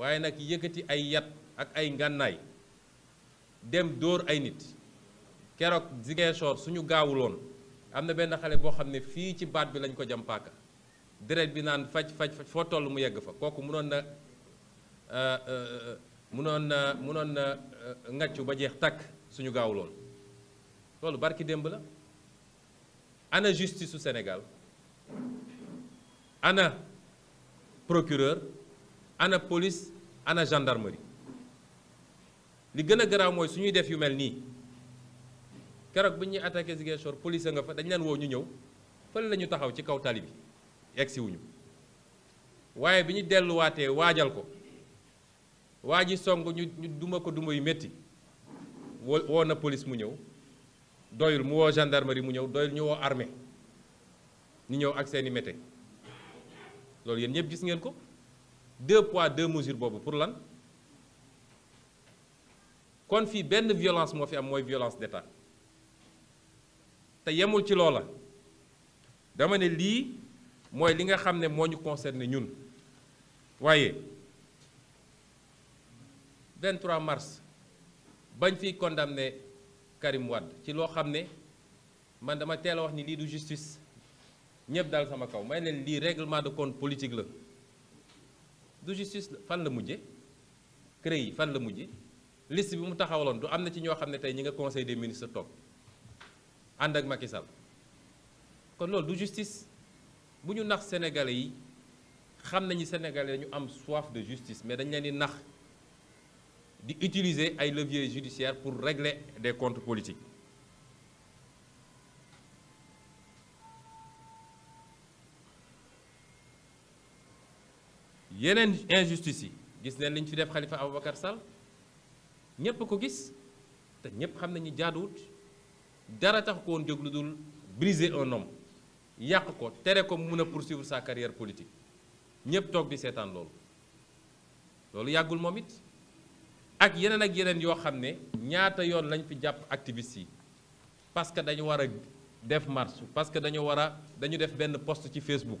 waaye nag yëkkati ay yat ak ay ngànnaay dem dóor ay nit keroog Ziguinchor suñu gaawuloon am na benn xale boo xam ne fii ci baat bi lañ ko jam paaka deret bi naan faj faj faj foo toll mu yegg fa kooku mënoon na euh, euh, mënoon na mënoon na euh, ngàccu ba jeex takk suñu gaawuloon loolu barki démb la ana justice su Sénégal ana procureur ana polis ana gendarmerie li gën a garaaw mooy su ñuy def yu mel nii keroog bu ñuy attaqué Ziguinchor police a nga fa dañ leen woo ñu ñëw fële la ñu taxaw ci kaw tali bi egsi waaye bi ñu delluwaatee waajal ko waa ji song ñu duma ko duma yu métti woo woo na police mu ñëw doyul mu woo gendarmerie mu ñëw doyul ñu woo armée ñu ñëw ak seeni mété loolu yéen ñëpp gis ngeen ko deux poids deux mesures pour lan kon fi une violence moi fi am violence d'État te yemul ci lola dama ne li moy li nga ñun 23 mars bañ fi condamné Karim Wade ci lo man dama wax ni li du justice sama kaw may règlement de compte politique du justice fan la créé fan la liste bi mu du amna ci ño conseil des ministres top du justice buñu nax sénégalais yi sénégalais soif de justice mais dañ leen di nax di utiliser ay leviers judiciaires pour régler des comptes politiques yeneen injustice yi gis neen li fi def Khalifa Ababacar Sall ñepp ko gis te ñepp xam nañu jaadout dara tax ko woon jóg dul briser un homme yàq ko téré ko mëna poursuivre sa carrière politique ñepp tok di sétane lool loolu yagul momit ak yeneen ak yeneen yo xam ñaata yoon lañ fi japp activiste yi parce que dañu wara def marche parce que dañu wara dañu def ben post ci Facebook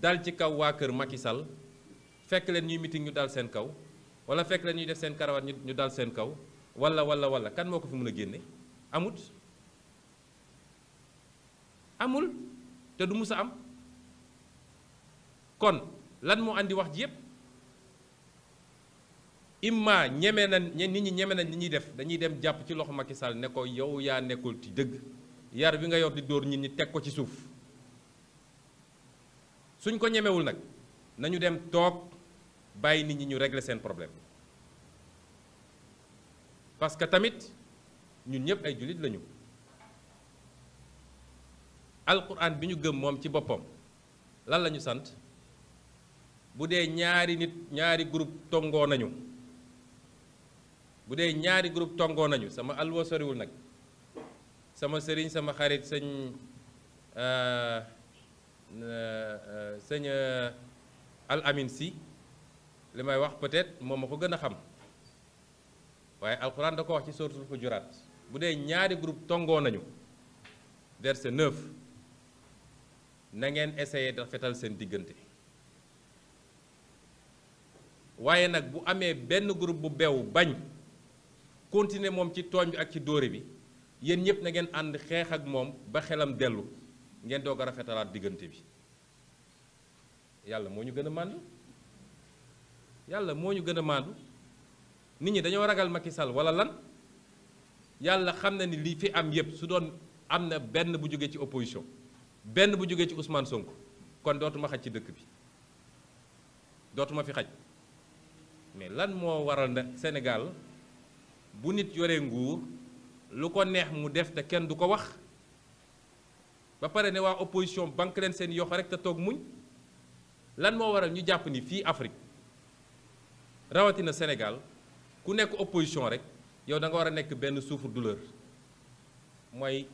dal ci kaw wa keur Macky Sall fekk len ñuy meeting ñu dal seen kaw wala fekk len ñuy def seen karawaat ñu dal seen kaw wala wala wala kan moko fi mëna a amut amul te du musa am kon lan mo andi wax imma ñeme nañ nit ñi ñeme nañ ñi ñuy def dañuy dem japp ci loxu Macky Sall ne ko yow ya nekkul ci deug yar bi nga yor di door nit ñi tek ko ci suuf suñ ko ñemewul nak nañu dem tok, bay nit ñi ñu régler seen problème parce que tamit ñun ñëpp ay julit lañu alquran biñu gëm mom ci bopom lan lañu sante sant bu nyari ñaari nit ñaari groupe tongo nañu bu dee ñaari groupe tongo nañu sama alwa soriwul nak sama serigne sama xarit euh Euh, euh, sëñ euh, Al Amin si li may wax peut-être moom ma ko gën a xam waaye alxuraan da ko wax ci suratul Hujurat bu dee ñaari groupe tongoo nañu verset 9 na ngeen essayer de seen diggante waaye nag bu amee benn groupe bu beew bañ continuer moom ci tooñ bi ak ci dóore bi yéen ñëpp na ngeen ànd xeex ak moom ba xelam dellu ngeen doog a rafetalaat diggante bi yàlla moo ñu gën a màndu yàlla moo ñu gën a màndu nit ñi dañoo ragal Macky Sall wala lan yàlla xam na ni lii fi am yépp su doon am na benn bu jógee ci opposition benn bu jógee ci Ousmane Sonko kon dootuma xaj ci dëkk bi dootuma fi xaj mais lan moo waral na Sénégal bu nit yoree nguur lu ko neex mu def te kenn du ko wax ba pare ne waa opposition banque leen seen yox rek te toog muñ lan moo waral ñu jàpp ni fii Afrique rawatina Sénégal ku nekk opposition rek yow da nga war a nekk benn souffre-douleur mooy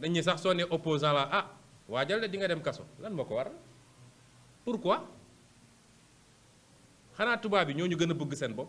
dañ ñu sax soo ne opposant la ah waajal de di nga dem kaso lan moo ko waral pourquoi xanaa tubaab bi ñoo ñu gën a bëgg seen bopp.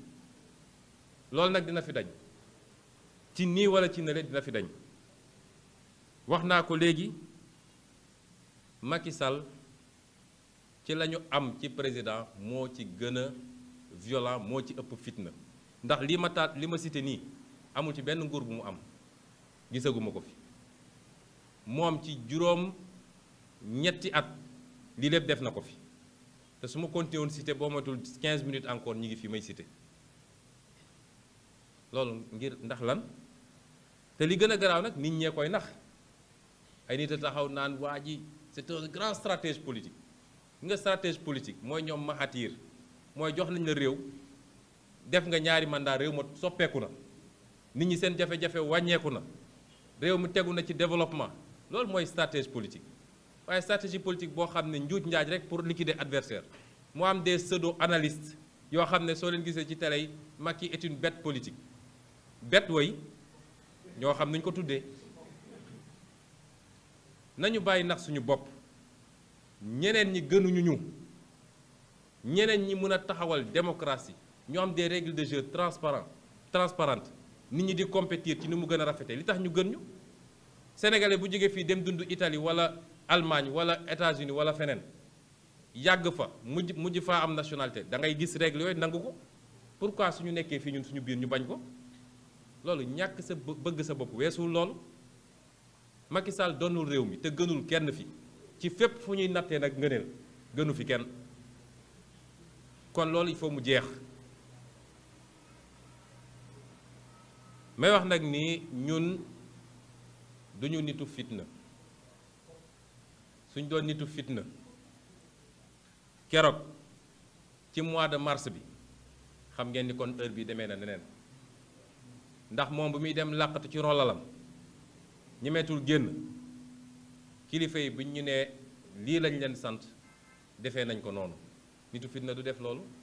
loolu nag dina fi dañ ci nii wala ci nële dina fi dañ wax naa ko léegi Macky Sall ci la ñu am ci président moo ci gën a violent moo ci ëpp fitna ndax li ma taat li ma site nii amul ci benn nguur bu mu am gisaguma ko fi moom ci juróom ñetti at lii lépp def na ko fi te su ma continué woon cité boo matul 15 minutes encore ñi ngi fi may cité loolu ngir ndax lan te li gën a garaaw nag nit ñee koy nax ay nit a taxaw naan waa ji c'est un grand stratège politique nga stratège politique mooy ñoom Mahathir mooy jox nañ la réew def nga ñaari mandat réew ma soppeeku na nit ñi seen jafe-jafe wàññeeku na réew mi tegu na ci développement loolu mooy stratège politique waaye stratégie politique boo xam ne njuuj njaaj rek pour liquider adversaire mu am des pseudo analystes yoo xam ne soo leen gisee ci télé yi Macky une bête politique Nous nous ñoo xam nuñ ko nous nañu bàyyi suñu ñeneen démocratie Nous avons des règles de jeu transparent transparentes Nous ñi di compétir ci ni de gën a rafetee li tax ñu gën ñu sénégalais bu vous dem dund Italie wala Allemagne wala États-Unis wala fa nationalité règles pourquoi nous sommes loolu ñàkk sa bëgg sa bopp weesuwul loolu Macky Sall doonul réew mi te gënul kenn fi ci fépp fu ñuy nattee nag ngëneel gënu fi kenn kon loolu il faut mu jeex may wax nag ni ñun duñu nitu fitna suñ doon nitu fitna keroog ci mois de mars bi xam ngeen ni kon heure bii demee na neneen ndax moom bu muy dem làqatu ci rolalam ñemeetul génn kilifa yi buñ ñu nee lii lañ leen sant defe nañ ko noonu nitu fitna du def loolu